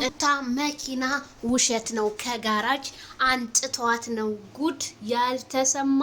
ቀጥታ መኪና ውሸት ነው ከጋራጅ አንጥቷት ነው። ጉድ ያልተሰማ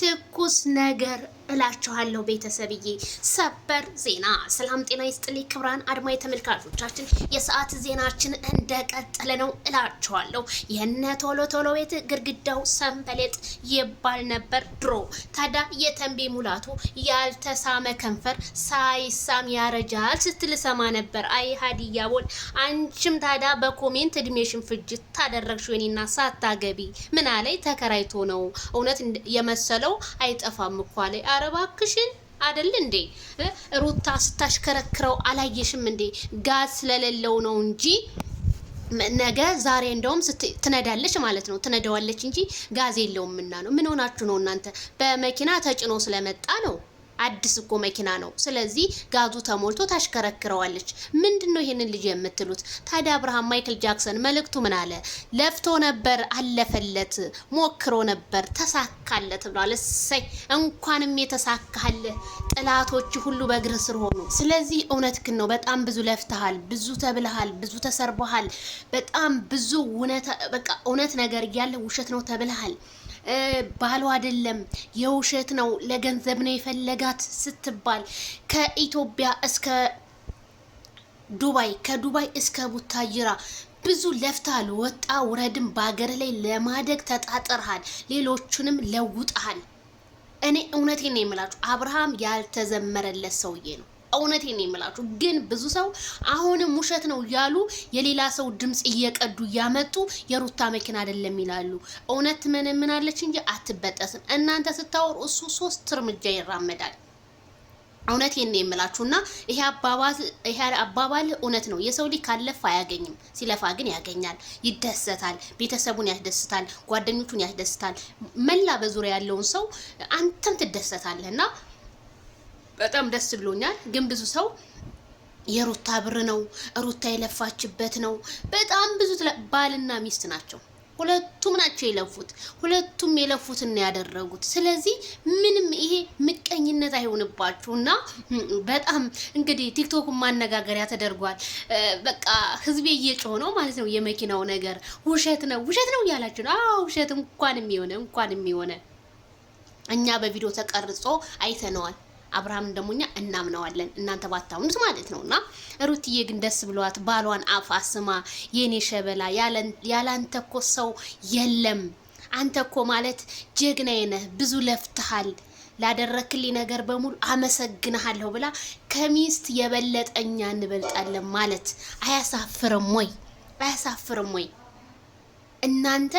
ትኩስ ነገር እላችኋለሁ ቤተሰብዬ። ሰበር ዜና። ሰላም ጤና ይስጥልኝ ክብራን አድማ ተመልካቾቻችን፣ የሰዓት ዜናችን እንደቀጠለ ነው እላችኋለሁ። የነ ቶሎ ቶሎ ቤት ግድግዳው ሰንበሌጥ ይባል ነበር ድሮ። ታዲያ የተንቤ ሙላቱ ያልተሳመ ከንፈር ሳይሳም ያረጃል ስትል ሰማ ነበር። አይ ሀዲያ ቦል አንቺም ታዲያ በኮሜንት እድሜሽን ፍጅት ታደረግሽ የኔና ሳታገቢ ምን አለይ ተከራይቶ ነው እውነት የመሰለው አይጠፋም እኮ አለኝ። አረባክሽን አደል እንዴ ሩታ ስታሽከረክረው አላየሽም እንዴ? ጋዝ ስለሌለው ነው እንጂ ነገ ዛሬ እንደውም ትነዳለች ማለት ነው። ትነደዋለች እንጂ ጋዝ የለውም እና ነው። ምን ሆናችሁ ነው እናንተ? በመኪና ተጭኖ ስለመጣ ነው። አዲስ እኮ መኪና ነው። ስለዚህ ጋዙ ተሞልቶ ታሽከረክረዋለች። ምንድን ነው ይህንን ልጅ የምትሉት? ታዲያ አብርሃም ማይክል ጃክሰን መልእክቱ ምን አለ? ለፍቶ ነበር፣ አለፈለት፣ ሞክሮ ነበር፣ ተሳካለት ብሏል። እሰይ እንኳንም የተሳካለ ጥላቶች ሁሉ በእግር ስር ሆኑ። ስለዚህ እውነት ግን ነው በጣም ብዙ ለፍተሃል፣ ብዙ ተብልሃል፣ ብዙ ተሰርበሃል፣ በጣም ብዙ በቃ እውነት ነገር እያለ ውሸት ነው ተብልሃል። ባሉ አይደለም የውሸት ነው ለገንዘብ ነው የፈለጋት ስትባል ከኢትዮጵያ እስከ ዱባይ ከዱባይ እስከ ቡታጅራ ብዙ ለፍታል። ወጣ ውረድም በሀገር ላይ ለማደግ ተጣጥርሃል፣ ሌሎቹንም ለውጠሃል። እኔ እውነቴን ነው የምላችሁ አብርሃም ያልተዘመረለት ሰውዬ ነው። እውነቴን ነው የምላችሁ። ግን ብዙ ሰው አሁንም ውሸት ነው እያሉ የሌላ ሰው ድምፅ እየቀዱ እያመጡ የሩታ መኪና አይደለም ይላሉ። እውነት ምን አለች እንጂ አትበጠስም። እናንተ ስታወሩ እሱ ሶስት እርምጃ ይራመዳል። እውነቴን ነው የምላችሁና ይሄ አባባል ይሄ አባባል እውነት ነው። የሰው ልጅ ካለፈ አያገኝም፣ ሲለፋ ግን ያገኛል። ይደሰታል፣ ቤተሰቡን ያስደስታል፣ ጓደኞቹን ያስደስታል፣ መላ በዙሪያ ያለውን ሰው አንተም ትደሰታለህና በጣም ደስ ብሎኛል። ግን ብዙ ሰው የሩታ ብር ነው ሩታ የለፋችበት ነው። በጣም ብዙ ባልና ሚስት ናቸው። ሁለቱም ናቸው የለፉት። ሁለቱም የለፉትና ያደረጉት። ስለዚህ ምንም ይሄ ምቀኝነት አይሆንባችሁ እና በጣም እንግዲህ ቲክቶክን ማነጋገሪያ ተደርጓል። በቃ ህዝቤ እየጮህ ነው ማለት ነው። የመኪናው ነገር ውሸት ነው ውሸት ነው እያላችሁ ነው። አዎ ውሸት እንኳን የሚሆነ እንኳን የሚሆነ እኛ በቪዲዮ ተቀርጾ አይተነዋል። አብርሃምን ደግሞ እኛ እናምነዋለን እናንተ ባታውኑት ማለት ነው። እና ሩትዬ ግን ደስ ብሏት ባሏን አፍ አስማ የኔ ሸበላ ያላንተ እኮ ሰው የለም አንተ እኮ ማለት ጀግናዬ ነህ፣ ብዙ ለፍትሃል፣ ላደረክልኝ ነገር በሙሉ አመሰግንሃለሁ ብላ ከሚስት የበለጠኛ እንበልጣለን ማለት አያሳፍርም ወይ? አያሳፍርም ወይ እናንተ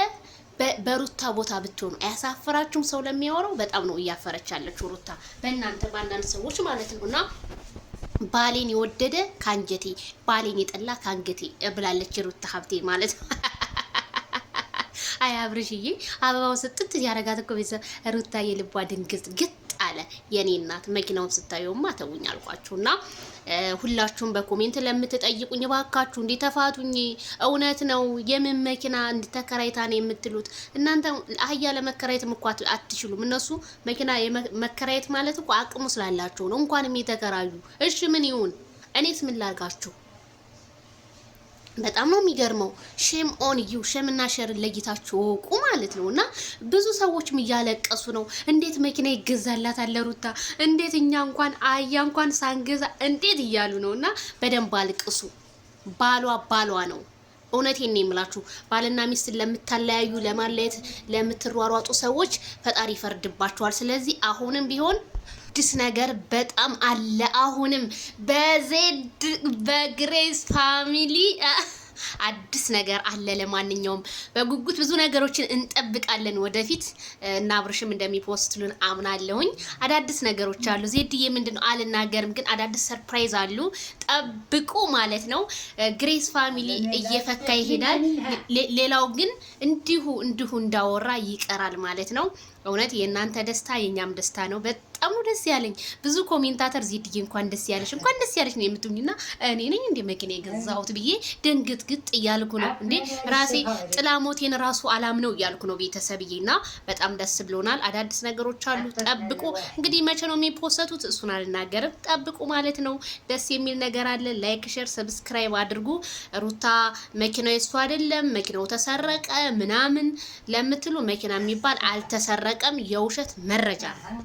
በሩታ ቦታ ብትሆኑ አያሳፍራችሁም? ሰው ለሚያወራው በጣም ነው እያፈረች ያለችው ሩታ በእናንተ በአንዳንድ ሰዎች ማለት ነው እና ባሌን የወደደ ከአንጀቴ ባሌን የጠላ ከአንገቴ ብላለች ሩታ ሀብቴ ማለት ነው። አይ አብርሽዬ አበባውን ስጥት ያረጋት እኮ ቤተሰብ ሩታ የልቧ ድንግዝ ግት አለ። የኔ እናት መኪናውን ስታየውማ ተውኝ አልኳችሁ እና ሁላችሁም በኮሜንት ለምትጠይቁኝ እባካችሁ እንዲተፋቱኝ እውነት ነው። የምን መኪና እንድተከራይታ ነው የምትሉት እናንተ? አህያ ለመከራየት እኮ አትችሉም። እነሱ መኪና መከራየት ማለት እኮ አቅሙ ስላላቸው ነው። እንኳንም የተከራዩ እሺ፣ ምን ይሁን? እኔስ ምን ላርጋችሁ? በጣም ነው የሚገርመው። ሼም ኦን ዩ ሼም እና ሸርን ለይታችሁ እወቁ ማለት ነው። እና ብዙ ሰዎችም እያለቀሱ ነው። እንዴት መኪና ይገዛላት ለሩታ? እንዴት እኛ እንኳን አያ እንኳን ሳንገዛ እንዴት እያሉ ነው። እና በደንብ አልቅሱ። ባሏ ባሏ ነው። እውነቴን ነው የምላችሁ። ባልና ሚስት ለምታለያዩ ለማለየት ለምትሯሯጡ ሰዎች ፈጣሪ ይፈርድባችኋል። ስለዚህ አሁንም ቢሆን አዲስ ነገር በጣም አለ። አሁንም በዜድ በግሬስ ፋሚሊ አዲስ ነገር አለ። ለማንኛውም በጉጉት ብዙ ነገሮችን እንጠብቃለን ወደፊት እና አብርሽም እንደሚፖስትሉን አምናለሁኝ። አዳዲስ ነገሮች አሉ። ዜድዬ ምንድን ነው አልናገርም፣ ግን አዳዲስ ሰርፕራይዝ አሉ። ጠብቁ ማለት ነው። ግሬስ ፋሚሊ እየፈካ ይሄዳል። ሌላው ግን እንዲሁ እንዲሁ እንዳወራ ይቀራል ማለት ነው። እውነት የእናንተ ደስታ የእኛም ደስታ ነው። በጣም ነው ደስ ያለኝ። ብዙ ኮሜንታተር ዜድዬ እንኳን ደስ ያለሽ እንኳን ደስ ያለሽ ነው የምትሉኝና እኔ ነኝ እንደ መኪና የገዛሁት ብዬ ግጥ እያልኩ ነው እንዴ ራሴ ጥላሞቴን ራሱ አላም ነው እያልኩ ነው ቤተሰብዬና፣ በጣም ደስ ብሎናል። አዳዲስ ነገሮች አሉ፣ ጠብቁ። እንግዲህ መቼ ነው የሚፖሰቱት እሱን አልናገርም፣ ጠብቁ ማለት ነው። ደስ የሚል ነገር አለ። ላይክ፣ ሼር፣ ሰብስክራይብ አድርጉ። ሩታ መኪናው የሱ አይደለም መኪናው ተሰረቀ ምናምን ለምትሉ መኪና የሚባል አልተሰረቀም፣ የውሸት መረጃ ነው።